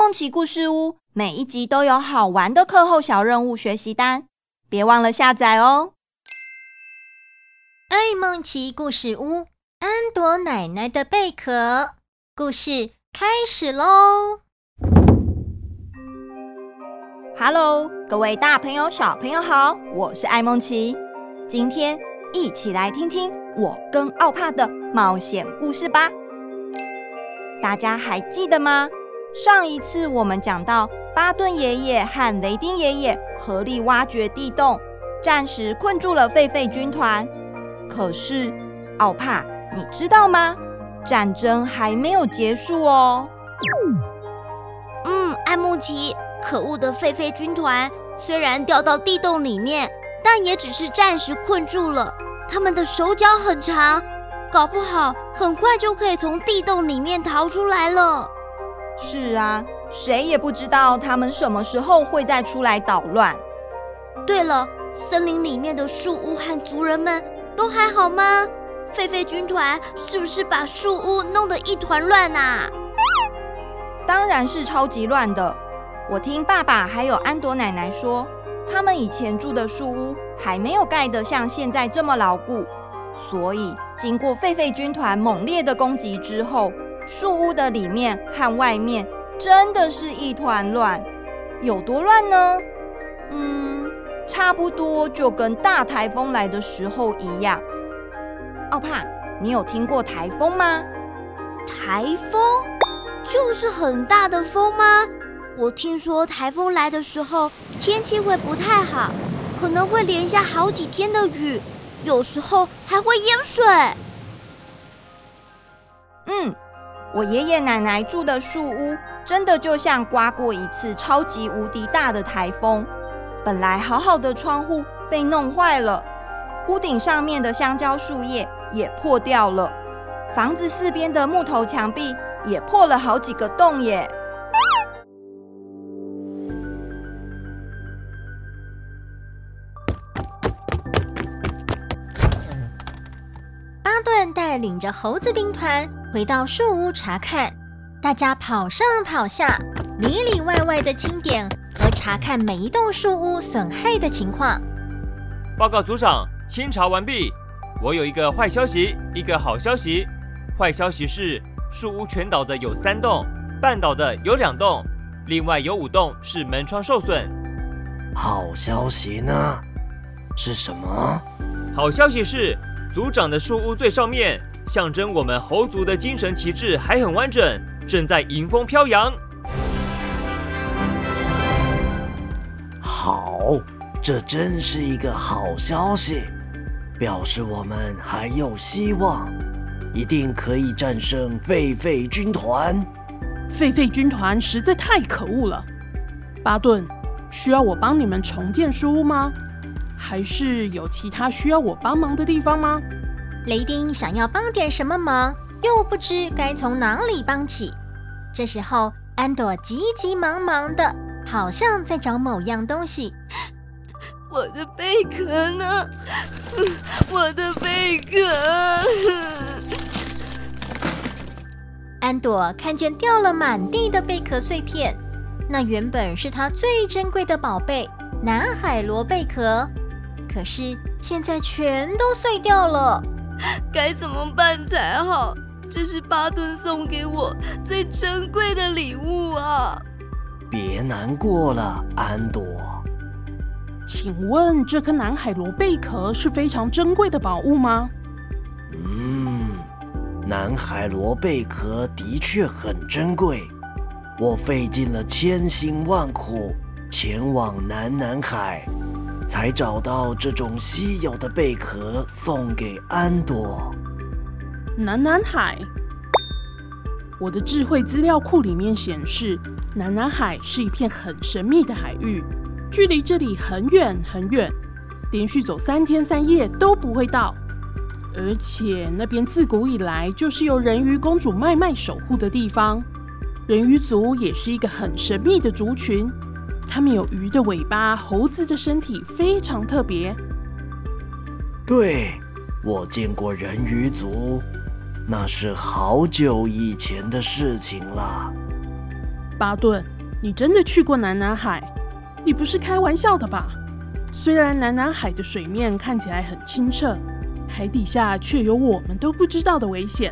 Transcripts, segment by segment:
孟奇故事屋每一集都有好玩的課後小任務學習單，別忘了下載哦。愛孟奇故事屋，安朵奶奶的貝殼故事開始嘍！Hello，各位大朋友小朋友好，我是愛孟奇，今天一起來聽聽我跟奧帕的冒險故事吧。大家還記得嗎？上一次我們講到，巴頓爺爺和雷丁爺爺合力挖掘地洞，暫時困住了狒狒軍團。可是奧帕，你知道嗎？戰爭還沒有結束哦。嗯，愛孟奇，可惡的狒狒軍團雖然掉到地洞裡面，但也只是暫時困住了。他們的手腳很長，搞不好很快就可以從地洞裡面逃出來了。是啊，誰也不知道他們什麼時候會再出來搗亂。對了，森林裡面的樹屋和族人們都還好嗎？狒狒軍團是不是把樹屋弄得一團亂啊？當然是超級亂的。我聽爸爸還有安朵奶奶說，他們以前住的樹屋還沒有蓋得像現在這麼牢固，所以經過狒狒軍團猛烈的攻擊之後，樹屋的裡面和外面真的是一團亂，有多亂呢？嗯，差不多就跟大颱風來的時候一樣。奧帕，你有聽過颱風嗎？颱風就是很大的風嗎？我聽說颱風來的時候天氣會不太好，可能會連下好幾天的雨，有時候還會淹水。嗯。我爺爺奶奶住的樹屋，真的就像刮過一次超級無敵大的台風。本來好好的窗戶被弄壞了，屋頂上面的香蕉樹葉也破掉了，房子四邊的木頭牆壁也破了好幾個洞耶。帶領着猴子兵團回到樹屋查看，大家跑上跑下，裡裡外外的清點和查看每一棟樹屋損害的情況。報告組長，清查完畢。我有一個壞消息，一個好消息。壞消息是樹屋全倒的有三棟，半倒的有兩棟，另外有五棟是門窗受損。好消息呢？是什麼？好消息是。族長的樹屋最上面，象徵我們猴族的精神旗幟還很完整，正在迎風飄揚。好，這真是一個好消息，表示我們還有希望，一定可以戰勝狒狒軍團。狒狒軍團實在太可惡了。巴頓，需要我幫你們重建樹屋嗎？還是有其他需要我幫忙的地方嗎？雷丁想要幫點什麼忙，又不知該從哪裡幫起。這時候，安朵急急忙忙的，好像在找某樣東西。我的貝殼呢？我的貝殼！安朵看見掉了滿地的貝殼碎片，那原本是她最珍貴的寶貝——南海螺貝殼。可是現在全都碎掉了，該怎麼辦才好？這是巴頓送給我最珍貴的禮物啊！別難過了，安朵。請問這顆南海螺貝殼是非常珍貴的寶物嗎？嗯，南海螺貝殼的確很珍貴。我費盡了千辛萬苦，前往南南海。才找到這種稀有的貝殼送給安朵。南南海，我的智慧資料庫裡面顯示，南南海是一片很神秘的海域，距離這裡很遠很遠，連續走三天三夜都不會到。而且那邊自古以來就是由人魚公主麥麥守護的地方，人魚族也是一個很神秘的族群。他們有魚的尾巴，猴子的身體，非常特別。對，我見過人魚族，那是好久以前的事情了。巴頓，你真的去過南南海？你不是開玩笑的吧？雖然南南海的水面看起來很清澈，海底下卻有我們都不知道的危險，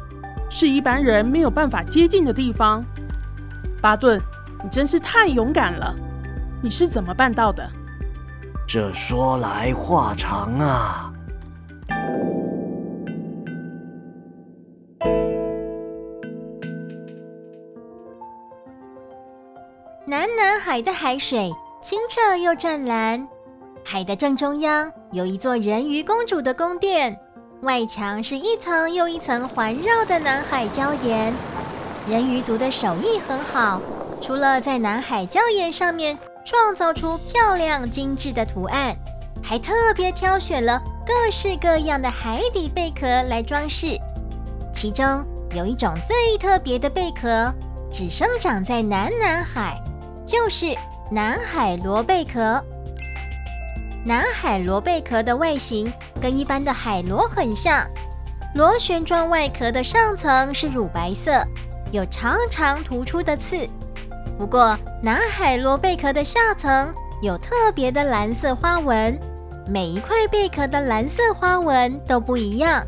是一般人沒有辦法接近的地方。巴頓，你真是太勇敢了！你是怎麼辦到的？這說來話長啊。南南海的海水清澈又湛藍，海的正中央有一座人魚公主的宮殿，外牆是一層又一層環繞的南海礁岩。人魚族的手藝很好，除了在南海礁岩上面。創造出漂亮精緻的圖案，還特別挑選了各式各樣的海底貝殼來裝飾。其中有一種最特別的貝殼，只生長在南南海，就是南海螺貝殼。南海螺貝殼的外形跟一般的海螺很像，螺旋狀外殼的上層是乳白色，有長長突出的刺。不過，南海螺貝殼的下層有特別的藍色花紋，每一塊貝殼的藍色花紋都不一樣。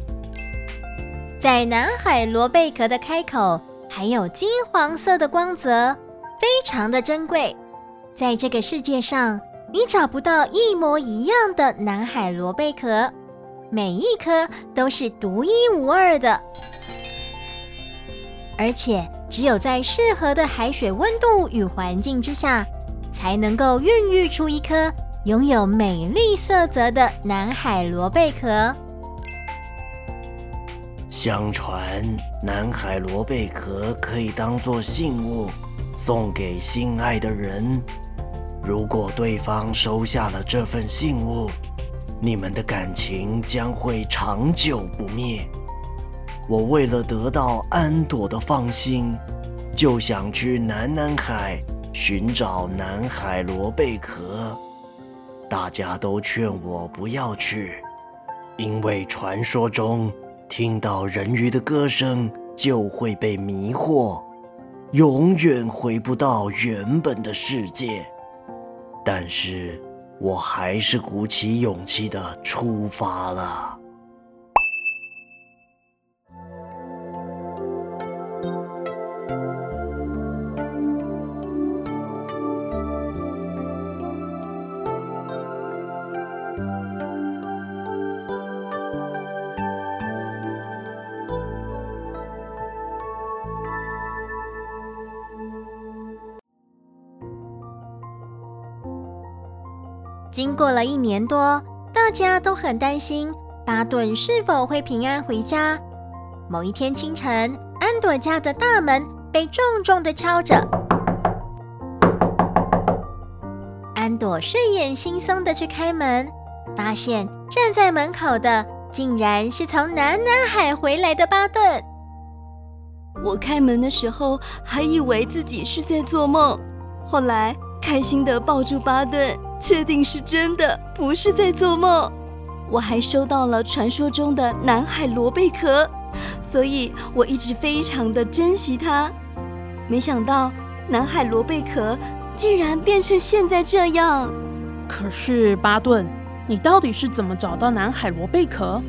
在南海螺貝殼的開口還有金黃色的光澤，非常的珍貴。在這個世界上，你找不到一模一樣的南海螺貝殼，每一顆都是獨一無二的。而且，只有在適合的海水溫度與環境之下，才能夠孕育出一顆擁有美麗色澤的南海螺貝殼。相傳，南海螺貝殼可以當做信物送給心愛的人，如果對方收下了這份信物，你們的感情將會長久不滅。我為了得到安朵的芳心，就想去南南海尋找南海螺貝殼。大家都勸我不要去，因為傳說中聽到人魚的歌聲就會被迷惑，永遠回不到原本的世界。但是，我還是鼓起勇氣的出發了。經過了一年多，大家都很擔心巴頓是否會平安回家。某一天清晨，安朵家的大門被重重地敲着。安朵睡眼惺忪地去開門，發現站在門口的竟然是從南南海回來的巴頓。我開門的時候還以為自己是在做夢，後來開心地抱住巴頓。確定是真的，不是在做夢。我還收到了傳說中的南海螺貝殼，所以我一直非常的珍惜它。沒想到南海螺貝殼竟然變成現在這樣。可是巴頓，你到底是怎麼找到南海螺貝殼？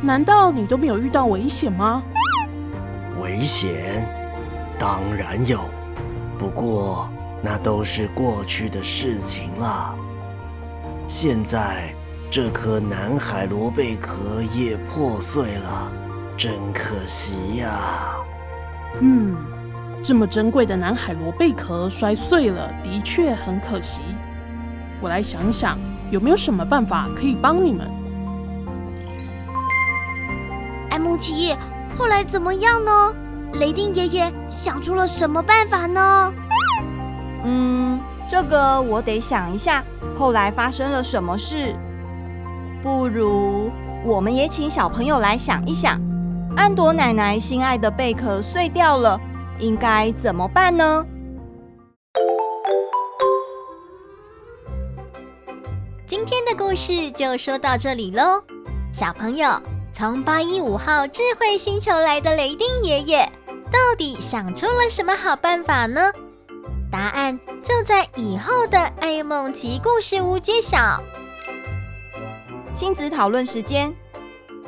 難道你都沒有遇到危險嗎？危險當然有，不過。那都是過去的事情了。現在這顆南海螺貝殼也破碎了，真可惜呀、啊。嗯，這麼珍貴的南海螺貝殼摔碎了，的確很可惜。我來想想，有沒有什麼辦法可以幫你們。愛孟奇，後來怎麼樣呢？雷丁爺爺想出了什麼辦法呢？嗯，這個我得想一下。後來發生了什麼事？不如我們也請小朋友來想一想。安朵奶奶心愛的貝殼碎掉了，應該怎麼辦呢？今天的故事就說到這裡嘍。小朋友，從八一五號智慧星球來的雷丁爺爺，到底想出了什麼好辦法呢？答案就在以後的《愛孟奇故事屋》揭曉。親子討論時間，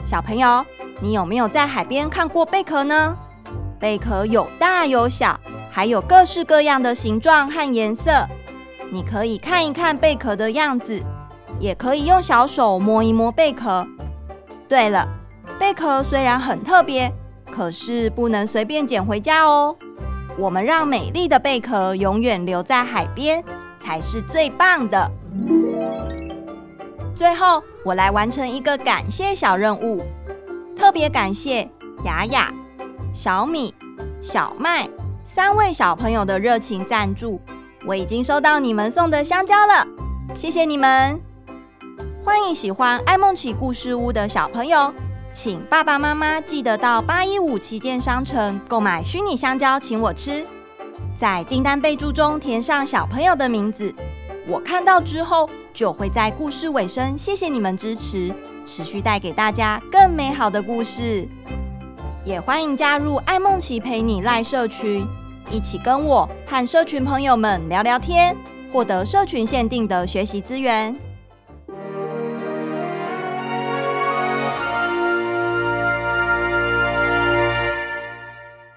小朋友，你有沒有在海邊看過貝殼呢？貝殼有大有小，還有各式各樣的形狀和顏色。你可以看一看貝殼的樣子，也可以用小手摸一摸貝殼。對了，貝殼雖然很特別，可是不能隨便撿回家哦。我們讓美麗的貝殼永遠留在海邊，才是最棒的。最後，我來完成一個感謝小任務，特別感謝雅雅、小米、小麥三位小朋友的熱情贊助。我已經收到你們送的香蕉了，謝謝你們！歡迎喜歡愛孟奇故事屋的小朋友。請爸爸媽媽記得到八一五旗艦商城購買虛擬香蕉，請我吃。在訂單備註中填上小朋友的名字，我看到之後就會在故事尾聲謝謝你們支持，持續帶給大家更美好的故事。也歡迎加入愛孟奇陪你 Line 社群，一起跟我和社群朋友們聊聊天，獲得社群限定的學習資源。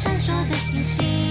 閃爍的星星。